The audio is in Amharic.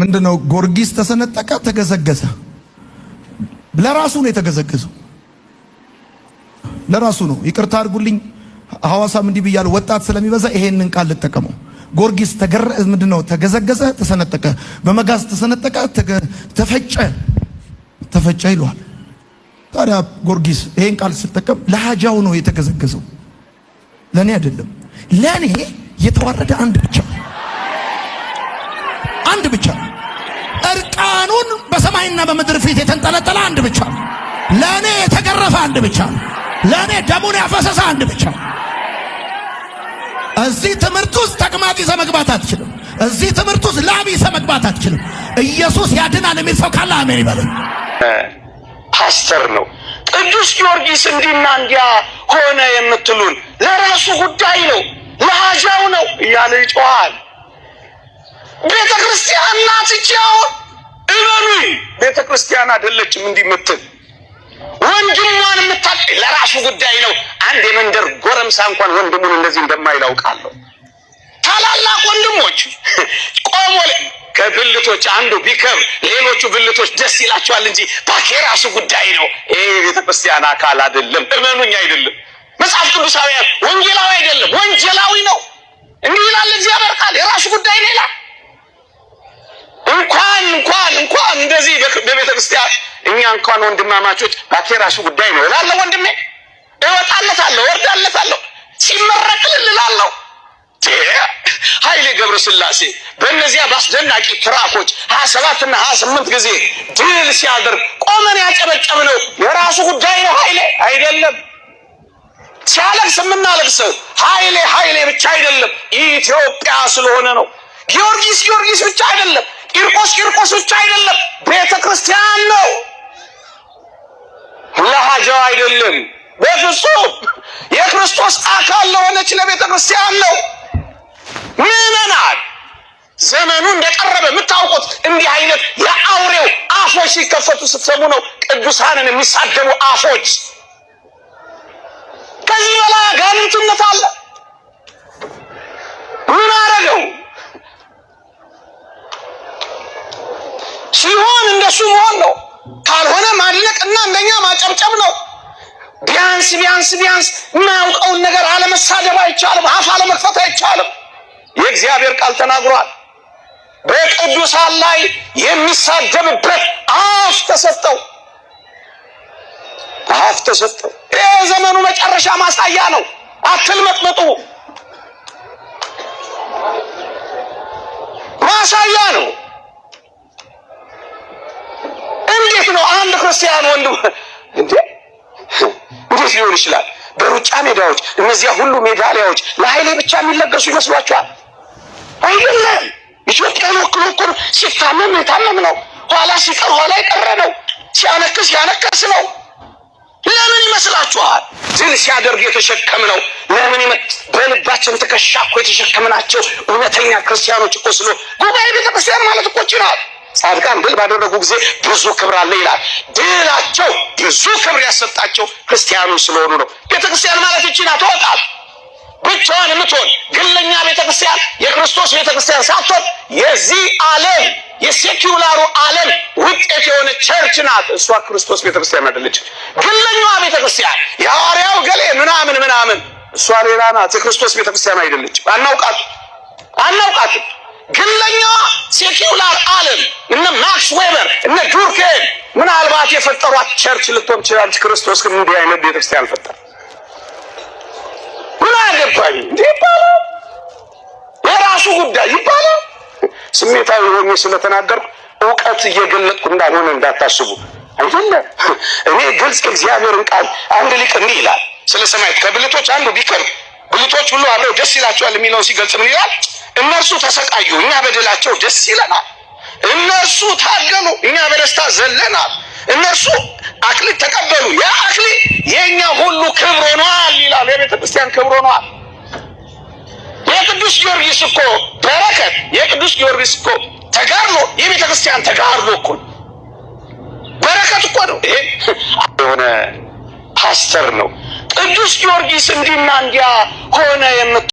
ምንድነው? ጎርጊስ ተሰነጠቀ፣ ተገዘገዘ። ለራሱ ነው የተገዘገዘው፣ ለራሱ ነው። ይቅርታ አድርጉልኝ፣ ሐዋሳም እንዲህ ብያለሁ፣ ወጣት ስለሚበዛ ይሄንን ቃል ልጠቀመው። ጎርጊስ ተገረ ምንድነው? ተገዘገዘ፣ ተሰነጠቀ፣ በመጋዝ ተሰነጠቀ፣ ተፈጨ፣ ተፈጨ ይለዋል። ታዲያ ጎርጊስ ይሄን ቃል ስጠቀም ለሀጃው ነው የተገዘገዘው፣ ለእኔ አይደለም። ለእኔ የተዋረደ አንድ ብቻ አንድ ብቻ እርቃኑን በሰማይና በምድር ፊት የተንጠለጠለ አንድ ብቻ ለእኔ የተገረፈ አንድ ብቻ ለእኔ ደሙን ያፈሰሰ አንድ ብቻ። እዚህ ትምህርት ውስጥ ተቅማጥ ይዘህ መግባት አትችልም። እዚህ ትምህርት ውስጥ ላብ ይዘህ መግባት አትችልም። ኢየሱስ ያድናል የሚል ሰው ካለ አሜን ይበል። ፓስተር ነው ቅዱስ ጊዮርጊስ እንዲና እንዲያ ሆነ የምትሉን ለራሱ ጉዳይ ነው ለሀጃው ነው እያለ ይጮሃል። ቤተ ክርስቲያን ናት ይቺ። አሁን እመኑ፣ ቤተ ክርስቲያን አይደለችም እንዲህ የምትል ወንድሟን የምታል ለራሱ ጉዳይ ነው። አንድ የመንደር ጎረምሳ እንኳን ወንድሙን እንደዚህ እንደማይል ታላላቅ ወንድሞች ቆሞ ከብልቶች አንዱ ቢከብር ሌሎቹ ብልቶች ደስ ይላቸዋል እንጂ ባክ የራሱ ጉዳይ ነው። ይሄ የቤተ ክርስቲያን አካል አይደለም፣ እመኑኝ አይደለም። መጽሐፍ ቅዱሳዊ ወንጌላዊ አይደለም፣ ወንጀላዊ ነው። እንዲህ ይላል እግዚአብሔር ቃል። የራሱ ጉዳይ ሌላ እንደዚህ በቤተ ክርስቲያን እኛ እንኳን ወንድማማቾች ባኬራሱ ጉዳይ ነው እላለሁ። ወንድሜ እወጣለታለሁ፣ ሲመረቅልል ሲመረቅልልላለሁ። ኃይሌ ገብረ ስላሴ በእነዚያ በአስደናቂ ትራኮች ሀያ ሰባት እና ሀያ ስምንት ጊዜ ድል ሲያደርግ ቆመን ነው የራሱ ጉዳይ ነው። ኃይሌ አይደለም ሲያለቅስ የምናለቅሰው ኃይሌ ኃይሌ ብቻ አይደለም፣ ኢትዮጵያ ስለሆነ ነው። ጊዮርጊስ ጊዮርጊስ ብቻ አይደለም፣ ቂርቆስ ቂርቆስ ብቻ መያዣው አይደለም። በፍጹም የክርስቶስ አካል ለሆነች ለቤተ ክርስቲያን ነው። ምዕመናን ዘመኑ እንደቀረበ የምታውቁት እንዲህ አይነት የአውሬው አፎች ሲከፈቱ ስትሰሙ ነው። ቅዱሳንን የሚሳደቡ አፎች ከዚህ በላይ አጋንንትነት አለ? ምን አረገው ሲሆን እንደሱ መሆን ነው። ካልሆነ ማድነቅ እና አንደኛ ማጨብጨብ ነው። ቢያንስ ቢያንስ ቢያንስ የማያውቀውን ነገር አለመሳደብ አይቻልም። አፍ አለመክፈት አይቻልም። የእግዚአብሔር ቃል ተናግሯል። በቅዱሳን ላይ የሚሳደብበት አፍ ተሰጠው፣ አፍ ተሰጠው። ይህ የዘመኑ መጨረሻ ማሳያ ነው። አትልመጥመጡ፣ ማሳያ ነው። ክርስቲያን ወንድ እንዴ እንዴት ሊሆን ይችላል? በሩጫ ሜዳዎች እነዚያ ሁሉ ሜዳሊያዎች ለኃይሌ ብቻ የሚለገሱ ይመስሏቸዋል? አይደለም። ኢትዮጵያን ወክሎ እኮ ሲታመም የታመም ነው። ኋላ ሲቀር ኋላ የቀረ ነው። ሲያነክስ ያነከስ ነው። ለምን ይመስላችኋል? ድል ሲያደርግ የተሸከም ነው። ለምን በልባችን ትከሻ እኮ የተሸከምናቸው እውነተኛ ክርስቲያኖች እኮ ስሎ ጉባኤ ቤተክርስቲያን ማለት እኮ ችናል ጻድቃን ድል ባደረጉ ጊዜ ብዙ ክብር አለ ይላል። ድላቸው ብዙ ክብር ያሰጣቸው ክርስቲያኑ ስለሆኑ ነው። ቤተክርስቲያን ማለት እቺ ናት። ትወጣል ብቻዋን የምትሆን ግለኛ ቤተክርስቲያን የክርስቶስ ቤተክርስቲያን ሳትሆን የዚህ ዓለም የሴኪውላሩ ዓለም ውጤት የሆነ ቸርች ናት። እሷ ክርስቶስ ቤተክርስቲያን አይደለች። ግለኛዋ ቤተክርስቲያን የሐዋርያው ገሌ ምናምን ምናምን እሷ ሌላ ናት። የክርስቶስ ቤተክርስቲያን አይደለች። አናውቃት አናውቃትም። ግለኛ ሴኪውላር ዓለም እነ ማክስ ዌበር እነ ዱርኬን ምናልባት የፈጠሯት ቸርች ልትሆን ትችላለች። ክርስቶስ ግን እንዲህ አይነት ቤተክርስቲያን ፈጠረ። ምን አገባኝ እንዲህ ይባላል፣ የራሱ ጉዳይ ይባላል። ስሜታዊ ሆኜ ስለተናገርኩ እውቀት እየገለጥኩ እንዳልሆነ እንዳታስቡ አይደለ እኔ ግልጽ እግዚአብሔርን ቃል አንድ ሊቅ እንዲህ ይላል ስለ ሰማይ ከብልቶች አንዱ ቢከር ብልጦች ሁሉ አብረው ደስ ይላቸዋል የሚለው ሲገልጽ ምን ይላል? እነርሱ ተሰቃዩ፣ እኛ በደላቸው ደስ ይለናል። እነርሱ ታገሉ፣ እኛ በደስታ ዘለናል። እነርሱ አክሊል ተቀበሉ፣ ያ አክሊል የእኛ ሁሉ ክብር ሆኗል ይላል። የቤተ ክርስቲያን ክብር ሆኗል። የቅዱስ ጊዮርጊስ እኮ በረከት፣ የቅዱስ ጊዮርጊስ እኮ ተጋድሎ የቤተ ክርስቲያን ተጋድሎ እኮ በረከት እኮ ነው። ይሄ የሆነ ፓስተር ነው ቅዱስ ጊዮርጊስ እንዲና እንዲያ ሆነ የምት